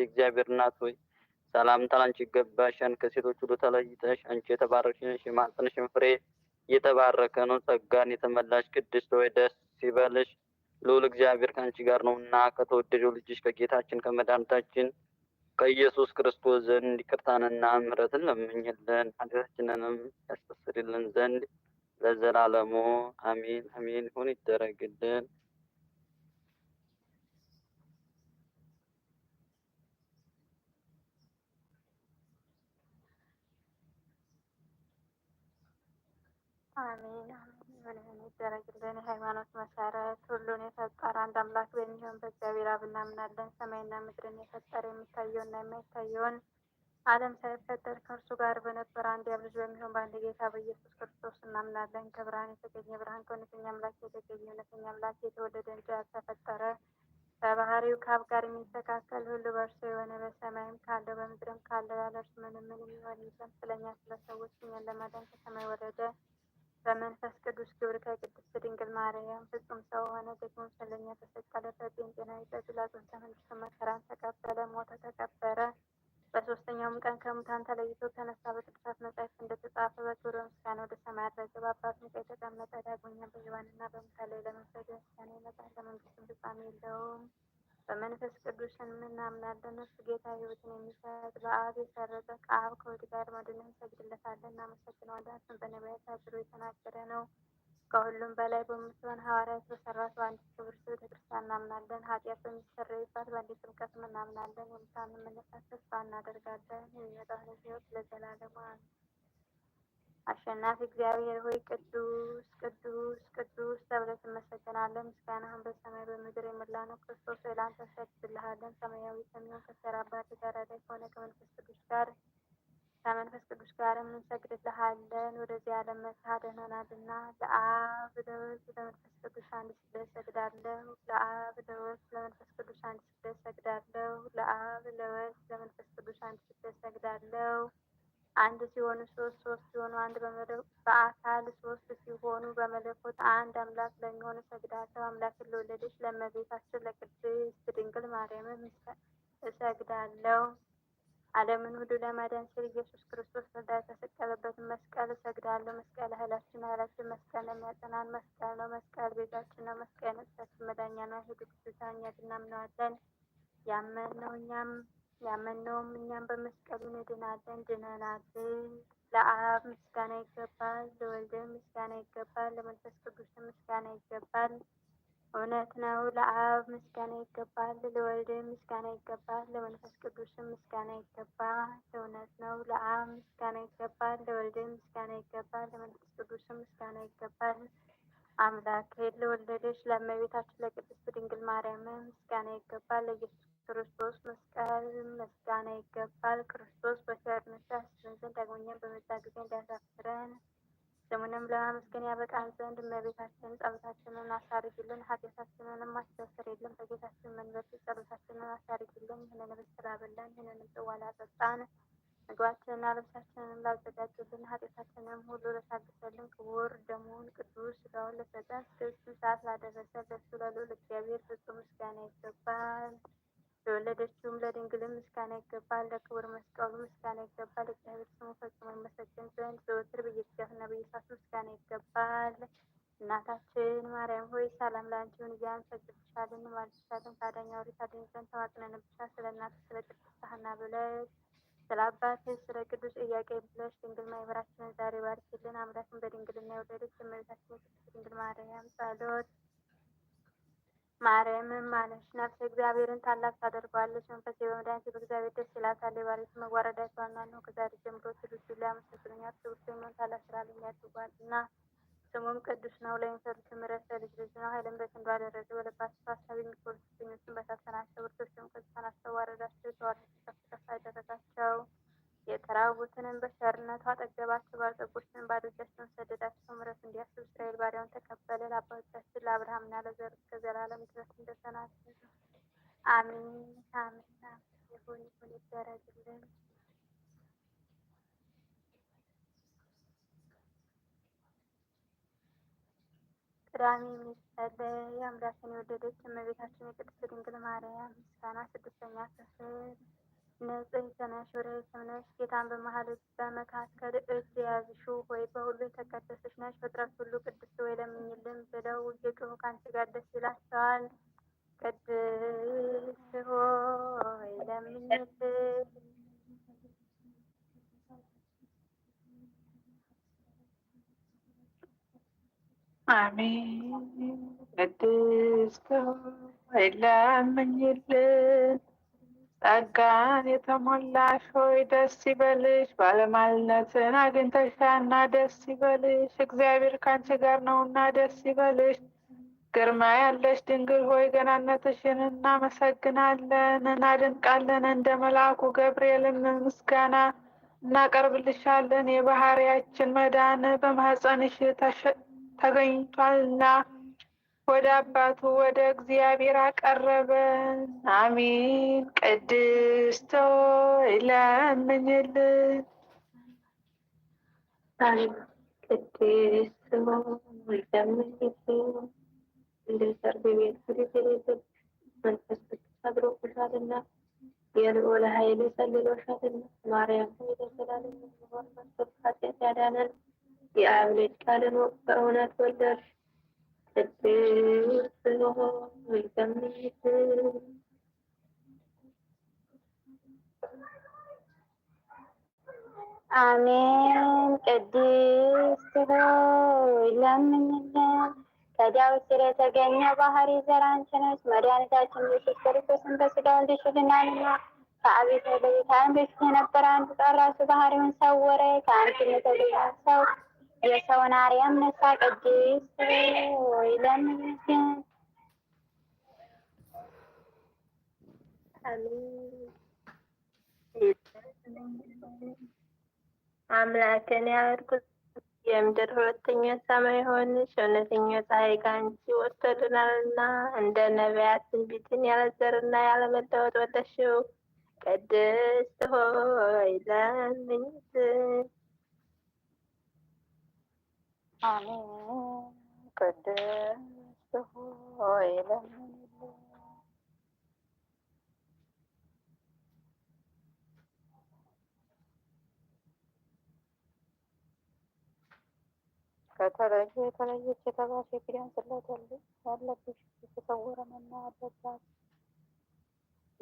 የእግዚአብሔር እናት ሆይ ሰላምታ ላንቺ ይገባሻል። ከሴቶች ሁሉ ተለይተሽ አንቺ የተባረክሽ ነሽ፣ የማኅፀንሽም ፍሬ የተባረከ ነው። ጸጋን የተመላሽ ቅድስት ሆይ ደስ ይበልሽ፣ ልዑል እግዚአብሔር ከአንቺ ጋር ነውና ከተወደደው ልጅሽ ከጌታችን ከመድኃኒታችን ከኢየሱስ ክርስቶስ ዘንድ ይቅርታንና ምሕረትን ለምኝልን ኃጢአታችንንም ያስተሰርይልን ዘንድ ለዘላለሙ አሚን አሚን ይሁን ይደረግልን። አሜን ምንም የሚደረግልን የሃይማኖት መሰረት ሁሉን የፈጠረ አንድ አምላክ በሚሆን በእግዚአብሔር አብ እናምናለን። ሰማይና ምድርን የፈጠረ የሚታየውና የማይታየውን ዓለም ሳይፈጠር ከእርሱ ጋር በነበረ አንድ ያብ ልጅ በሚሆን በአንድ ጌታ በኢየሱስ ክርስቶስ እናምናለን። ከብርሃን የተገኘ ብርሃን፣ ከእውነተኛ አምላክ የተገኘ እውነተኛ አምላክ፣ የተወለደ እንጂ ያልተፈጠረ በባህሪው ከአብ ጋር የሚተካከል ሁሉ በእርሱ የሆነ በሰማይም ካለው በምድርም ካለው ያለ እርሱ ምንም ምንም የሆነ የለም። ስለኛ ስለ ሰዎች እኛን ለማዳን ከሰማይ ወረደ። በመንፈስ ቅዱስ ክብር ከቅድስት ድንግል ማርያም ፍጹም ሰው ሆነ። ደግሞ ስለኛ ተሰቀለ፣ በጴንጤናዊ በጲላጦስ ተመልሶ መከራን ተቀበለ፣ ሞተ፣ ተቀበረ። በሶስተኛውም ቀን ከሙታን ተለይቶ ተነሳ። በቅዱሳት መጻሕፍት እንደተጻፈ በክብር ምስጋና ወደ ሰማይ አረገ። በአባት ቀኝ የተቀመጠ ዳግመኛ በሕያዋንና በሙታን ላይ ለመፍረድ ምስጋና ይመጣል። ለመንግስትም ፍጻሜ የለውም። በመንፈስ ቅዱስ እናምናለን። እርሱ ጌታ ሕይወትን የሚሰጥ በአብ የሰረጸ ከአብ ከወልድ ጋር መድንን እንሰግድለታለን፣ እናመሰግነዋለን። እርሱም በነቢያት አድሮ የተናገረ ነው። ከሁሉም በላይ በምትሆን ሐዋርያት በሰራት በአንድ ክብር ቤተ ክርስቲያን እናምናለን። ኃጢአት በሚሰረይባት በአንድ ጥምቀትም እናምናለን። የሙታንን መነሳት ተስፋ እናደርጋለን። የሚመጣውን ሕይወት ለዘላለሙ አሜን። አሸናፊ እግዚአብሔር ሆይ ቅዱስ ቅዱስ ቅዱስ ተብለህ ትመሰገናለህ። ምስጋናህን በሰማይ በምድር የሞላ ነው። ክርስቶስ ሆይ ለአንተ እንሰግድልሃለን። ሰማያዊ ሰሚሆን ከሰራ አባት ጋር ያዳኝ ከሆነ ከመንፈስ ቅዱስ ጋር ከመንፈስ ቅዱስ ጋር እንሰግድልሃለን። ወደዚህ ዓለም መጥተህ አድነናልና ለአብ ለወልድ ለመንፈስ ቅዱስ አንድ ስግደት እሰግዳለሁ። ለአብ ለወልድ ለመንፈስ ቅዱስ አንድ ስግደት እሰግዳለሁ። ለአብ ለወልድ ለመንፈስ ቅዱስ አንድ ስግደት እሰግዳለሁ። አንድ ሲሆኑ ሶስት ሶስት ሲሆኑ አንድ በአካል ሶስት ሲሆኑ በመለኮት አንድ አምላክ ለሚሆን አምላክ አምላክን ለወለደች አስር ለቅድስት ድንግል ማርያምን እሰግዳለሁ። ዓለምን ሁሉ ለማዳን ሲል ኢየሱስ ክርስቶስ ተሰቅሎ የተሰቀለበትን መስቀል እሰግዳለሁ። መስቀል ኃይላችን ኃይላችን መስቀል የሚያጸናን መስቀል ነው። መስቀል ቤዛችን ነው። መስቀል ነፍሳችን መዳኛ ነው። ሄዱ ብዛኛ እናምነዋለን ያመን ነው እኛም ያመነውም እኛም በመስቀሉ እንድናለን ድነናል። ለአብ ምስጋና ይገባል፣ ለወልድ ምስጋና ይገባል፣ ለመንፈስ ቅዱስ ምስጋና ይገባል። እውነት ነው። ለአብ ምስጋና ይገባል፣ ለወልድ ምስጋና ይገባል፣ ለመንፈስ ቅዱስ ምስጋና ይገባል። እውነት ነው። ለአብ ምስጋና ይገባል፣ ለወልድ ምስጋና ይገባል፣ ለመንፈስ ቅዱስ ምስጋና ይገባል። አምላክ ለወለደች ለእመቤታችን ለቅድስት ድንግል ማርያም ምስጋና ይገባል። ለኢየሱስ ክርስቶስ መስቀል ምስጋና ይገባል። ክርስቶስ በቸርነቱ ያስበን ዘንድ ዳግመኛም በመጣ ጊዜ እንዳያሳፍረን ስሙንም ለማመስገን ያበቃን ዘንድ እመቤታችን ጸሎታችንን አሳርግልን፣ ኃጢአታችንንም አስተሰር የለም በጌታችን መንበር ጸሎታችንን አሳርግልን። ይህንንም ስራ በላን፣ ይህንንም ጽዋ ላጠጣን፣ ምግባችንና ልብሳችንን ላዘጋጅልን፣ ኃጢአታችንንም ሁሉ ለታገሰልን፣ ክቡር ደሙን ቅዱስ ስጋውን ለሰጠን፣ እስከዚህ ሰዓት ላደረሰ ለእሱ ለልዑል እግዚአብሔር ፍጹም ምስጋና ይገባል። ለወለደችውም ለድንግልም ምስጋና ይገባል። ለክብር መስቀሉ ምስጋና ይገባል። እግዚአብሔር ስሙ ፈጽሞ ይመሰገን ዘንድ ዘወትር በየጊዜያቱና በየሰዓቱ ምስጋና ይገባል። እናታችን ማርያም ሆይ ሰላም ለአንቺ እያን እያልን ፈጽምሻልን ማልሻልን ከአዳኛ ወሬ ታድን ዘንድ ተማጽነንብሻል። ስለ እናት ስለ ቅዱስ ሐና ብለሽ ስለ አባትሽ ስለ ቅዱስ ኢያቄም ብለሽ ድንግል ማይበራችንን ዛሬ ባርኪልን። አምላክን በድንግልና የወለደች የእመቤታችን የቅድስት ድንግል ማርያም ጸሎት ማርያምም ማለች፣ ነፍሴ እግዚአብሔርን ታላቅ ታደርገዋለች፣ መንፈሴ በመድኃኒቴ በእግዚአብሔር ደስ ይላታል። የባሪቱ መዋረዳቸዋና ነው ከዛሬ ጀምሮ ትውልድ ሁሉ ያመሰግኑኛል። ትውልዱን ታላቅ ስራ እና ስሙም ቅዱስ ነው። ለሚፈሩት ምሕረት ልጅ ልጅ ነው። ኃይልን በክንዱ አደረገ። በልባቸው ሀሳብ የሚኮሩት ዳኞችን በታተናቸው፣ ብርቶችም ቅዱሳን አስተዋረዳቸው፣ የተዋረዱት ከፍ ከፍ አደረጋቸው። የተራቡትንም በቸርነቱ አጠገባቸው፣ ባለጠጎችን ባዶቻቸውን ሰደዳቸው። ምረት እንዲያስብ እስራኤል ባሪያውን ተቀበለ። ለአባቶቻችን ለአብርሃምና ለዘሩ እስከ ዘላለም ድረስ እንደተናገረ አሜን አሜን ይሁን ይሁን ይደረግልን። ቅዳሜ የሚጸለይ የአምላክን የወደደች እመቤታችን የቅድስት ድንግል ማርያም ምስጋና ስድስተኛ ክፍል ንጽሕት ነሽ ርኅስት ነሽ ጌታን በመሀል በመካከል እጅ የያዝሽው ወይ በሁሉ የተቀደስሽ ነሽ። ፍጥረት ሁሉ ቅድስት ወይ ለምኝልን ብለው እየጮሁ ከአንቺ ጋር ደስ ይላቸዋል። ቅድስት ሆይ ለምኝልን አሜን። ቅድስት ሆይ ለምኝልን ጸጋን የተሞላሽ ሆይ ደስ ይበልሽ፣ ባለማልነትን አግኝተሻና ደስ ይበልሽ፣ እግዚአብሔር ከአንቺ ጋር ነውና ደስ ይበልሽ። ግርማ ያለሽ ድንግል ሆይ ገናነትሽን እናመሰግናለን እናድንቃለን። እንደ መልአኩ ገብርኤልን ምስጋና እናቀርብልሻለን። የባህሪያችን መዳን በማህፀንሽ ተገኝቷልና ወደ አባቱ ወደ እግዚአብሔር አቀረበን። አሜን። ቅድስት ሆይ ለምኝልን። ቅድስት ሆይ ለምኝልን። የልዑል ኃይል ጸልሎሻልና ማርያም ሆይ ለዘላለም የሚኖር ኃጢአት ያዳነን የአብ ልጅ ቃልን በእውነት ወለድሽ። አሜን። ቅድስት ሆይ ለምንለን ከዳዊት ስር የተገኘ ባህሪ ዘር አንቺ ነሽ። መድኃኒታችን ኢየሱስ ክርስቶስን በስጋ ወልደሽልናልና ከአቤት ወደ አንድ በፊት የነበረ አንዱ ጦር ባህሪውን ሰወረ። ከአንቺም ሰው የሰውን አርያም ነሳ ቅድስት ወይ ለምንስን አምላክን ያወድኩ የምድር ሁለተኛ ሰማይ የሆንሽ እውነተኛ ፀሐይ ከአንቺ ወጥቶልናልና እንደ ነቢያት ትንቢትን ያለዘርና ያለመለወጥ ወለሽው ቅድስት ሆይ ለምኝት አሜን። ቅድስት ሆይ ለምንልን። ከተለየ የተለየች የተባለች የኪዳን ስዕለት ያለብሽ የተሰወረ መና አለባት።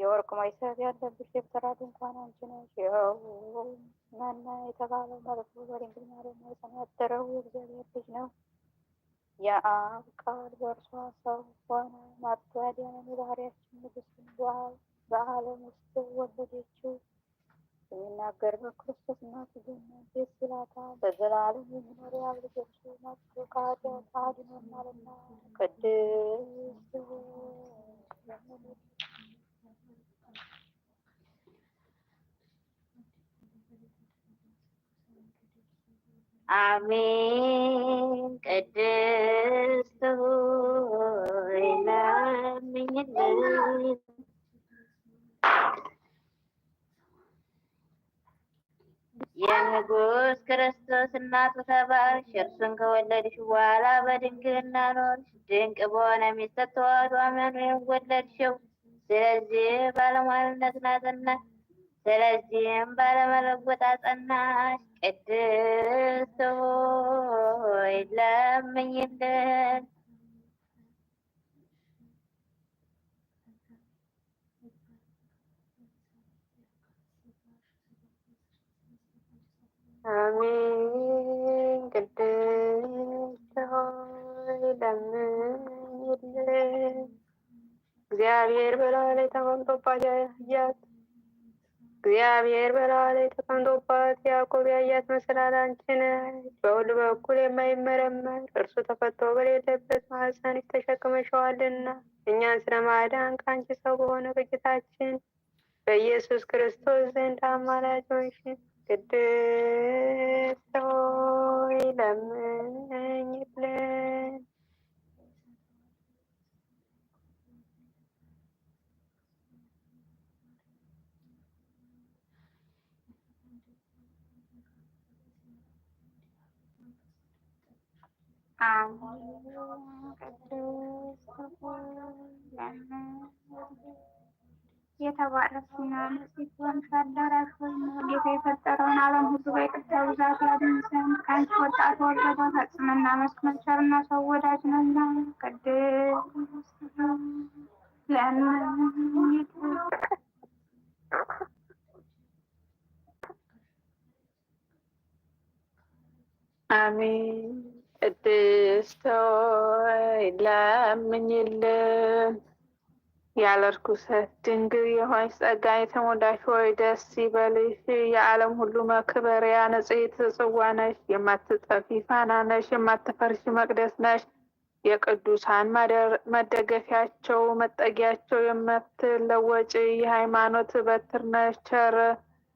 የወርቅ መይሰት ያለብሽ የብስራት ድንኳን አንቺ ነሽ። ይኸው መና የተባለው መልኩ በድንግል ማርያም ማኅፀን የእግዚአብሔር ልጅ ነው። የአብ ቃል በእርሷ ሰው ሆነ መጥቶ ያዳነን የባህርያችን ንግሥት በዓለም ውስጥ ወለደችው። የሚናገር በክርስቶስ እናት ገነት ደስ ይላታል። በዘላለም የሚኖር የአብ ልጅ እርሱ መጥቶ ከኃጢአት አድኖናልና ቅድስት አሜን። ቅድስት ሆይ ለምኝልን። የንጉሥ ክርስቶስ እናቱ ተባርሽ፣ እርሱን ከወለድሽ በኋላ በድንግልና ኖርሽ። ድንቅ በሆነ ሚስት ተዋሕዶ አማኑኤልን ወለድሽው። ስለዚህ ባለሟልነት ናትና ስለዚህም ባለመለወጥ አጸናሽ። ቅድስት ሆይ ለምኝልን። አሜን። ቅድስት ሆይ ለምኝልን። እግዚአብሔር በላዋ ላይ ተመምጦባት ያያት እግዚአብሔር በላዩ ላይ ተቀምጦባት ያዕቆብ ያያት መሰላል አንቺን በሁሉ በኩል የማይመረመር እርሱ ተፈቶ በሌለበት ማኅፀንሽ ተሸክመሸዋልና እኛን ስለ ማዳን ከአንቺ ሰው በሆነ በጌታችን በኢየሱስ ክርስቶስ ዘንድ አማላጅ ሆንሽ። ቅድስት ሆይ ለምኝልን። የተባረክና ንጽሕት ሆንሽ አዳራሽ ሆይ ጌታ የፈጠረውን ዓለም ሁሉ በይቅርታ ብዛቱ ያድን ዘንድ ከአንቺ ወጣት ተወለደ ፈጽመና መስክመን ቸርና ሰው ወዳጅ ነና ቅድስት ለእመቤት አሜን። ቅድስቶይ ለምኝልን። ያለ ርኩሰት ድንግል የሆነች ጸጋ የተሞላሽ ሆይ ደስ ይበልሽ። የዓለም ሁሉ መክበሪያ ንጽሕት ጽዋ ነሽ። የማትጠፊ ፋና ነሽ። የማትፈርሽ መቅደስ ነሽ። የቅዱሳን መደገፊያቸው መጠጊያቸው፣ የምትለወጪ የሃይማኖት በትር ነሽ። ቸር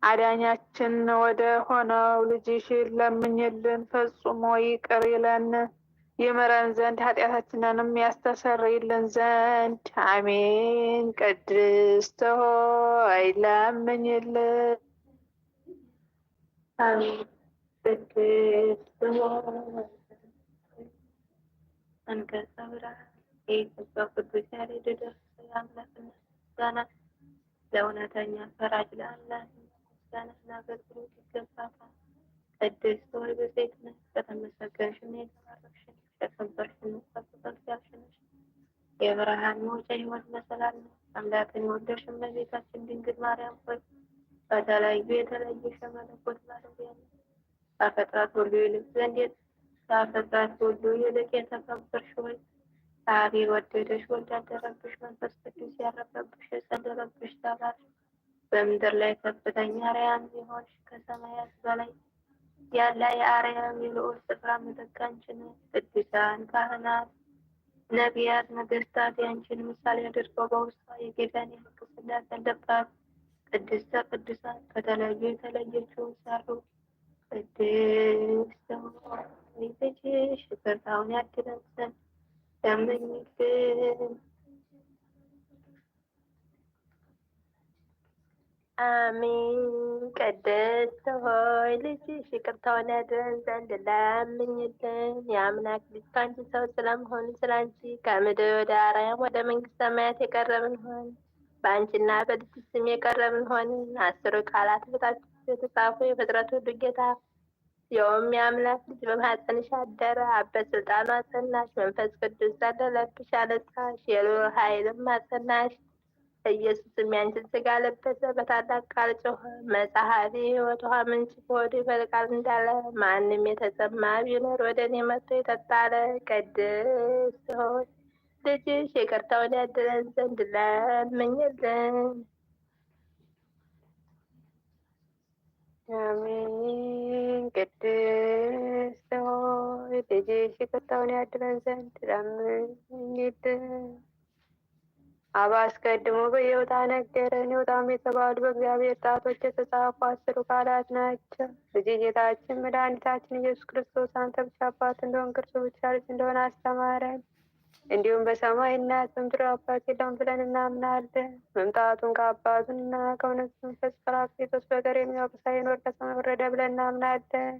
አዳኛችን ወደ ሆነው ልጅሽ ለምኝልን፣ ፈጽሞ ይቅር ይለን ይምረን ዘንድ ኃጢአታችንንም ያስተሰርይልን ዘንድ አሜን። ቅድስት ሆይ ለምኝልን። አሜን። ቅድስት ሆይ ብርሃን የኢትዮጵያ ቅዱስ ያሬድ ደርሶ ምስጋና ለእውነተኛ ፈራጅ ለአምላክ ምስጋናና አገልግሎት ይገባታል። ቅድስት ሆይ ብፅዕት ነሽ፣ ከተመሰገንሽና የተባረክሽ ከከበርሽ ነሽ። የብርሃን መውጫ ሕይወት መሰላል ነሽ። አምላክን የወለድሽ እመቤታችን ድንግል ማርያም ሆይ በተለያዩ የተለየሽ መለኮት ማደሪያ ነሽ። ከፍጥረት ሁሉ ይልቅ ዘንድ ከፍጥረት ሁሉ ይልቅ የተከበርሽ ሆይ አብ የወደደሽ ወልድ ያደረብሽ መንፈስ ቅዱስ ያረፈብሽ የጸደረብሽ ተባረክሽ። በምድር ላይ ከፍተኛ አርያም የሆንሽ ከሰማያት በላይ ያለ የአርያም የልዑል ስፍራ ምትክ አንቺ ነሽ። ቅዱሳን ካህናት፣ ነቢያት፣ ነገስታት ያንችን ምሳሌ አድርገው በውስጧ የጌታን የህግ ጽላት ያለባት ቅድስተ ቅዱሳን ከተለዩ የተለየችውን ሰሩ። ቅድስት ሆይ ልጅሽ ይቅርታውን ያድለን ዘንድ ለምኝልን። አሜን። ቅድስት ሆይ ልጅሽ ይቅርታ ሆነድን ዘንድ ለምኝልን። የአምላክ ልጅ ከአንቺ ሰው ስለመሆኑ ስለ አንቺ ከምድር ወደ አርያም ወደ መንግስት ሰማያት የቀረብን ሆን በአንቺና በልጅሽ ስም የቀረብን ሆንን። አስሩ ቃላት በታች የተጻፉ የፍጥረት ሁሉ ጌታ የውም የአምላክ ልጅ በማኅፀንሽ አደረ። አበት ስልጣኑ አጸናሽ፣ መንፈስ ቅዱስ ዘለለብሽ፣ አነጻሽ፣ የልዑል ኃይልም አጸናሽ። ኢየሱስም ያንቺን ስጋ ለበሰ፣ በታላቅ ቃል ጮኸ፣ መጽሐፊ ሕይወት ውሃ ምንጭ በሆዱ ይፈልቃል እንዳለ ማንም የተሰማ ቢኖር ወደ እኔ መጥቶ ይጠጣ አለ። ቅድስት ሆይ ልጅሽ ይቅርታውን ያድለን ዘንድ ለምኝልን። አሜን። ቅድስት ሆይ ልጅሽ ይቅርታውን ያድለን ዘንድ ለምኝልን። አባ አስቀድሞ በይሁዳ ነገረን። ይሁዳም የተባሉ በእግዚአብሔር ጣቶች የተጻፉ አስሩ ቃላት ናቸው። ልጅ ጌታችን መድኃኒታችን ኢየሱስ ክርስቶስ አንተ ብቻ አባት እንደሆን እርሱ ብቻ ልጅ እንደሆን አስተማረን። እንዲሁም በሰማይና በምድር አባት የለም ብለን እናምናለን። መምጣቱን ከአባቱና ከእውነት መንፈስ ከራክቴቶስ በቀር የሚያውቅ ሳይኖር ከሰማይ ወረደ ብለን እናምናለን።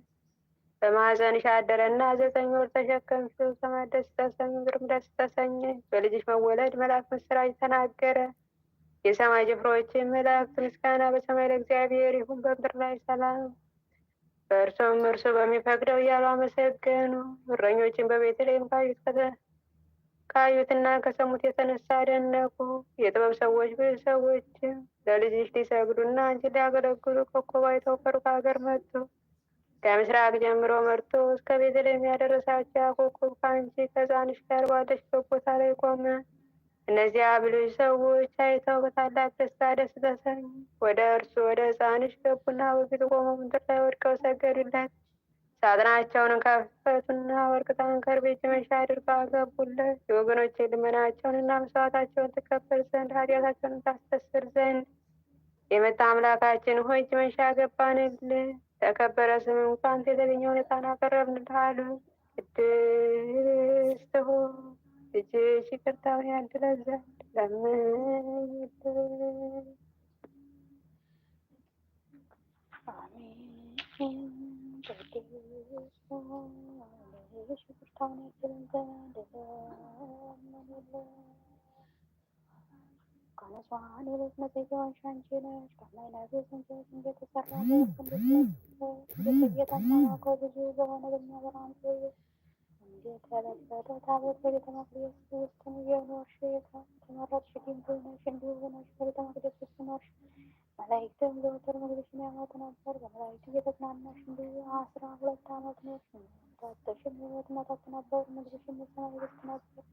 በማህፀንሽ አደረና ዘጠኝ ወር ተሸከምሽው ሰማይ ደስ ተሰኝ፣ ምድርም ደስ ተሰኝ። በልጅሽ መወለድ መልአክ ምስራች ተናገረ። የሰማይ ጭፍሮች መላእክት ምስጋና በሰማይ ለእግዚአብሔር ይሁን፣ በምድር ላይ ሰላም በእርሱም እርሱ በሚፈቅደው እያሉ አመሰገኑ። እረኞችን በቤተልሔም ካዩትና ከሰሙት የተነሳ አደነቁ። የጥበብ ሰዎች ብዙ ሰዎችም ለልጅሽ ሊሰግዱና አንቺ ሊያገለግሉ ከኮባይተው ከሩቅ ሀገር መጡ። ከምስራቅ ጀምሮ መርቶ እስከ ቤተልሔም ያደረሳቸው ያኮኮብ ከአንቺ ከሕፃንሽ ጋር ባለችበት ቦታ ላይ ቆመ። እነዚያ ብልጅ ሰዎች አይተው በታላቅ ደስታ ደስ ተሰኙ። ወደ እርሱ ወደ ሕፃንሽ ገቡና በፊት ቆመው ምድር ላይ ወድቀው ሰገዱለት። ሳጥናቸውን ከፈቱና ወርቅ ታንከር ቤት መሻ አድርገው አገቡለት። የወገኖች ልመናቸውንና መስዋዕታቸውን ትከፈል ዘንድ ኃጢአታቸውን ታስተስር ዘንድ የመጣ አምላካችን ሆይ መሻ ገባንል ተከበረ ስም እንኳን የተገኘ ሁኔታን አቀረብንልሃል። ቅድስት ሆይ እጅሽ ይቅርታውን ያድለን ዘንድ ለምኝልን። አሜን። ባለ ሶሃን የቤት መዘጊያዎች አንቺ ነሽ። ከላይ ለቤት እንጨት እንደተሰራ እንደተጌጠና ብዙ በሆነ በሚያበራ እንዴት በለበደ ታቦት በቤተ መቅደስ ውስጥም የኖርሽ የተመረጥሽ ድንግል ነሽ። እንዲሁ ሆነሽ በቤተ መቅደስ ውስጥ ኖርሽ። መላእክትም ዘወትር ምግብሽን ያመጡ ነበር። በመላእክት እየተጽናናሽ እንዲሁ አስራ ሁለት ዓመት ኖርሽ። ታተሽም የሕይወት መጠጥ ነበር። ምግብሽም የሰማይ ርስት ነበር።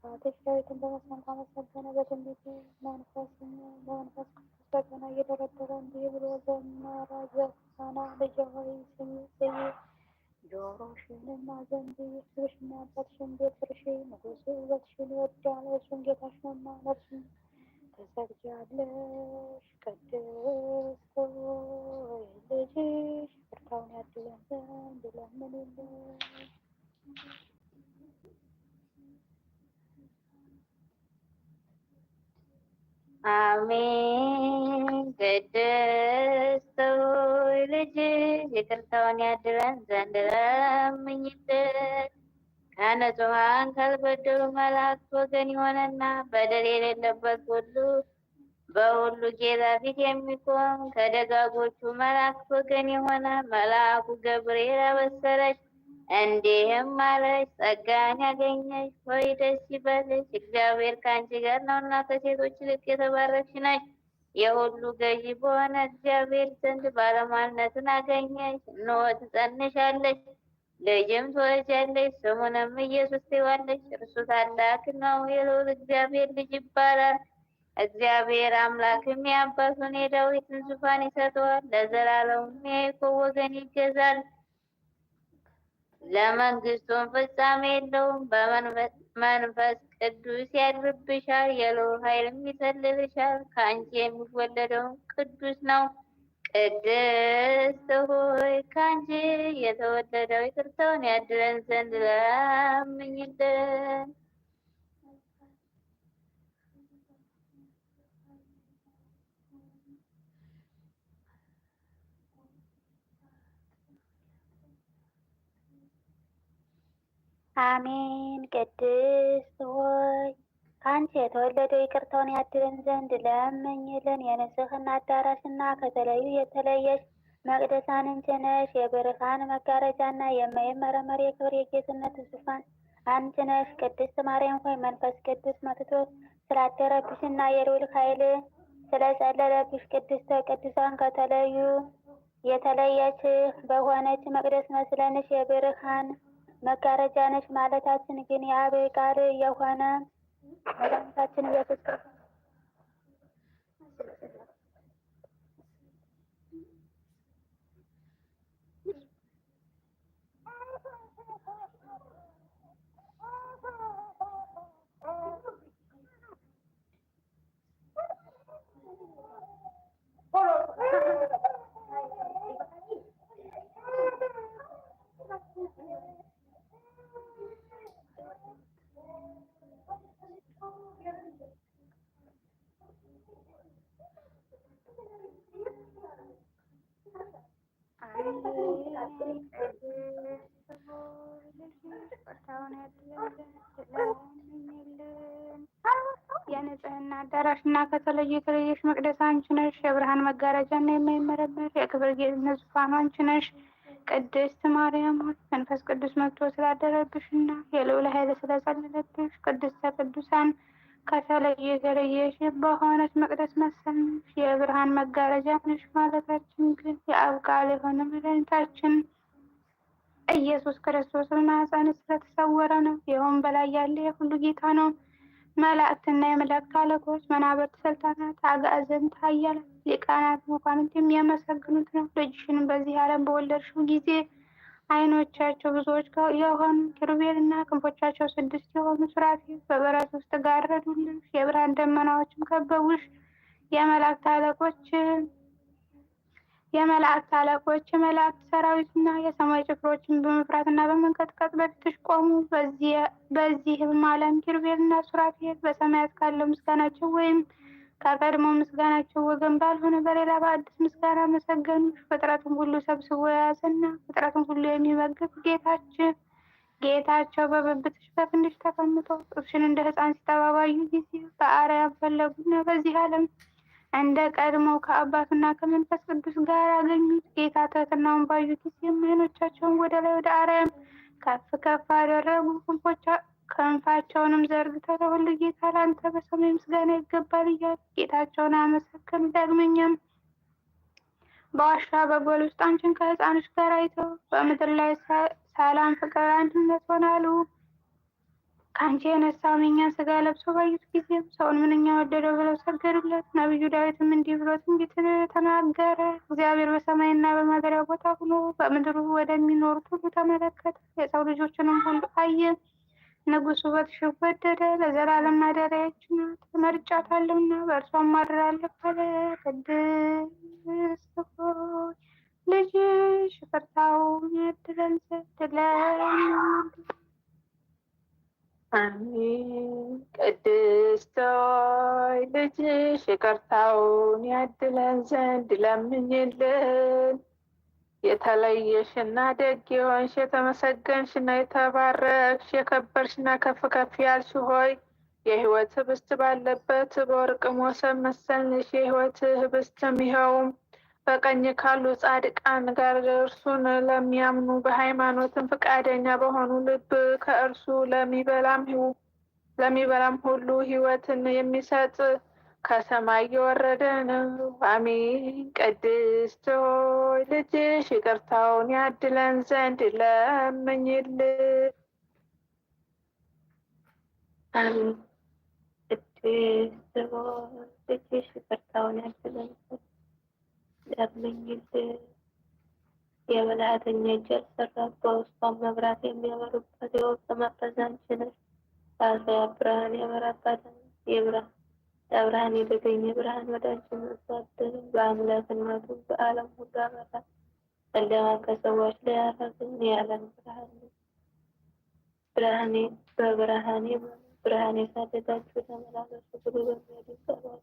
Father, Spirit, and the Son, Thomas, and the ከአራት ወገን የሆነና በደል የሌለበት ሁሉ በሁሉ ጌታ ፊት የሚቆም ከደጋጎቹ መላእክት ወገን የሆነ መልአኩ ገብርኤል አበሰረች፣ እንዲህም አለች፣ ጸጋን ያገኘች ሆይ ደስ ይበልሽ፣ እግዚአብሔር ከአንቺ ጋር ነውና ከሴቶች ይልቅ የተባረክሽ ነች። የሁሉ ገዢ በሆነ እግዚአብሔር ዘንድ ባለሟልነትን አገኘች። እንሆ ትጸንሻለች ልጅም ትወልጃለሽ ስሙንም ኢየሱስ ትይዋለሽ። እርሱ ታላቅ ነው፣ የልዑል እግዚአብሔር ልጅ ይባላል። እግዚአብሔር አምላክም የአባቱን የዳዊትን ዙፋን ይሰጠዋል፣ ለዘላለሙም የያዕቆብ ወገን ይገዛል፣ ለመንግስቱም ፍጻሜ የለውም። በመንፈስ ቅዱስ ያድርብሻል፣ የልዑል ኃይልም ይሰልልሻል። ከአንቺ የሚወለደው ቅዱስ ነው ቅድስት ሆይ ካንቺ የተወለደው ይቅርታውን ያድረን ዘንድ ለምኝልን። አሜን። ቅድስት ሆይ ከአንቺ የተወለደው ይቅርታውን ያድለን ዘንድ ለምኝልን። የንጽህና አዳራሽና ከተለዩ የተለየች መቅደስ አንቺ ነሽ። የብርሃን መጋረጃና የማይመረመር የክብር የጌትነት ዙፋን አንቺ ነሽ። ቅድስት ማርያም ሆይ መንፈስ ቅዱስ መጥቶ ስላደረብሽና የልዑል ኃይል ስለጸለለብሽ ቅድስተ ቅዱሳን ከተለዩ የተለየች በሆነች መቅደስ መስለንሽ የብርሃን መጋረጃ ነሽ ማለታችን ግን የአብ ቃል የሆነ መድኃኒታችን ኢየሱስ ክርስቶስ አዳራሽ እና ከተለየ የተለየሽ መቅደስ አንቺ ነሽ። የብርሃን መጋረጃ እና የማይመረመር የክብር ጌትነት ዙፋን አንቺ ነሽ። ቅድስት ማርያም ሆይ መንፈስ ቅዱስ መጥቶ ስላደረብሽ እና የልዑል ኃይል ስለጸለለብሽ ቅድስተ ቅዱሳን ከተለየ የተለየሽ በሆነች መቅደስ መሰልነሽ። የብርሃን መጋረጃ ነሽ ማለታችን ግን የአብ ቃል የሆነ መድኃኒታችን ኢየሱስ ክርስቶስ በማኅፀንሽ ስለተሰወረ ነው። ይኸውም በላይ ያለ የሁሉ ጌታ ነው። መላእክትና የመላእክት አለቆች፣ መናብርት፣ ሰልጣናት፣ አጋዘን ኃያላን፣ ሊቃናት፣ መኳንንት የሚያመሰግኑት ነው። ልጅሽንም በዚህ ዓለም በወለድሽው ጊዜ ዓይኖቻቸው ብዙዎች የሆኑ ኪሩቤልና ክንፎቻቸው ስድስት የሆኑ ሱራፌል በበረት ውስጥ ጋረዱልሽ። የብርሃን ደመናዎችም ከበቡሽ። የመላእክት አለቆች የመላእክት አለቆች የመላእክት ሰራዊትና የሰማይ ጭፍሮችን በመፍራትና በመንቀጥቀጥ በፊትሽ ቆሙ። በዚህም ዓለም እና ሱራፌል በሰማያት ካለው ምስጋናቸው ወይም ከቀድሞ ምስጋናቸው ወገን ባልሆነ በሌላ በአዲስ ምስጋና መሰገኑ ፍጥረትን ሁሉ ሰብስቦ የያዘና ፍጥረትን ሁሉ የሚመግብ ጌታችን ጌታቸው በብብትሽ በፍንድሽ ተቀምጦ ጥብሽን እንደ ሕፃን ሲጠባባዩ ጊዜ በአርያም ፈለጉና በዚህ ዓለም እንደ ቀድሞው ከአባቱና ከመንፈስ ቅዱስ ጋር አገኙት። ጌታ ትሕትናውን ባዩ ጊዜ ዓይኖቻቸውን ወደ ላይ ወደ አርያም ከፍ ከፍ አደረጉ። ክንፋቸውንም ዘርግተው ለሁሉ ጌታ ለአንተ በሰማይ ምስጋና ይገባል እያሉ ጌታቸውን አመሰከሉ። ዳግመኛም በዋሻ በጎል ውስጥ አንቺን ከህፃኖች ጋር አይተው በምድር ላይ ሰላም፣ ፍቅር፣ አንድነት ሆናሉ። አንቺ የነሳውን የእኛን ስጋ ለብሶ ባዩት ጊዜም ሰውን ምንኛ ወደደው ብለው ሰገዱለት። ነቢዩ ዳዊትም እንዲህ ብሎ ትንቢት ተናገረ። እግዚአብሔር በሰማይና በማደሪያ ቦታ ሆኖ በምድሩ ወደሚኖሩት ሁሉ ተመለከተ፣ የሰው ልጆችንም ሁሉ አየ። ንጉሱ በትሽ ወደደ፣ ለዘላለም ማደሪያች ናት፣ መርጫታለሁና በእርሷም ማድራለሁ አለ። ቅድስት ሆይ ልጅሽ ፍርታውን ያድለን ዘንድ አሜን። ቅድስት ሆይ ልጅሽ ይቅርታውን ያድለን ዘንድ ለምኝልን። የተለየሽና ደግ የሆንሽ የተመሰገንሽና የተባረክሽ የከበርሽና እና ከፍ ከፍ ያልሽ ሆይ የሕይወት ህብስት ባለበት በወርቅ ሞሰብ መሰልንሽ። የሕይወት ህብስትም ይኸውም በቀኝ ካሉ ጻድቃን ጋር እርሱን ለሚያምኑ በሃይማኖትም ፈቃደኛ በሆኑ ልብ ከእርሱ ለሚበላም ሁሉ ሕይወትን የሚሰጥ ከሰማይ የወረደ ነው። አሜን። ቅድስት ሆይ ልጅሽ ይቅርታውን ያድለን ዘንድ ለምኝልን። ቅድስት ሆይ ልጅሽ ይቅርታውን ያድለን ዘንድ ዳግመኝት የበላተኛ እጅ ያልሰራት በውስጧን መብራት የሚያበሩበት የወቅት መቅረዝ አንቺ ነሽ። ብርሃን ያበራባት ብርሃን የተገኘ ብርሃን ወደ አንቺ መጥቷል። በአምላክነቱ በዓለም ሁሉ አበራ። ጨለማን ከሰዎች ላይ አራቅን። የዓለም ብርሃን ብርሃኔ በብርሃኔ ብርሃኔ ሳደጋችሁ ተመላለሱ ብሎ በሚያድን ጸሎት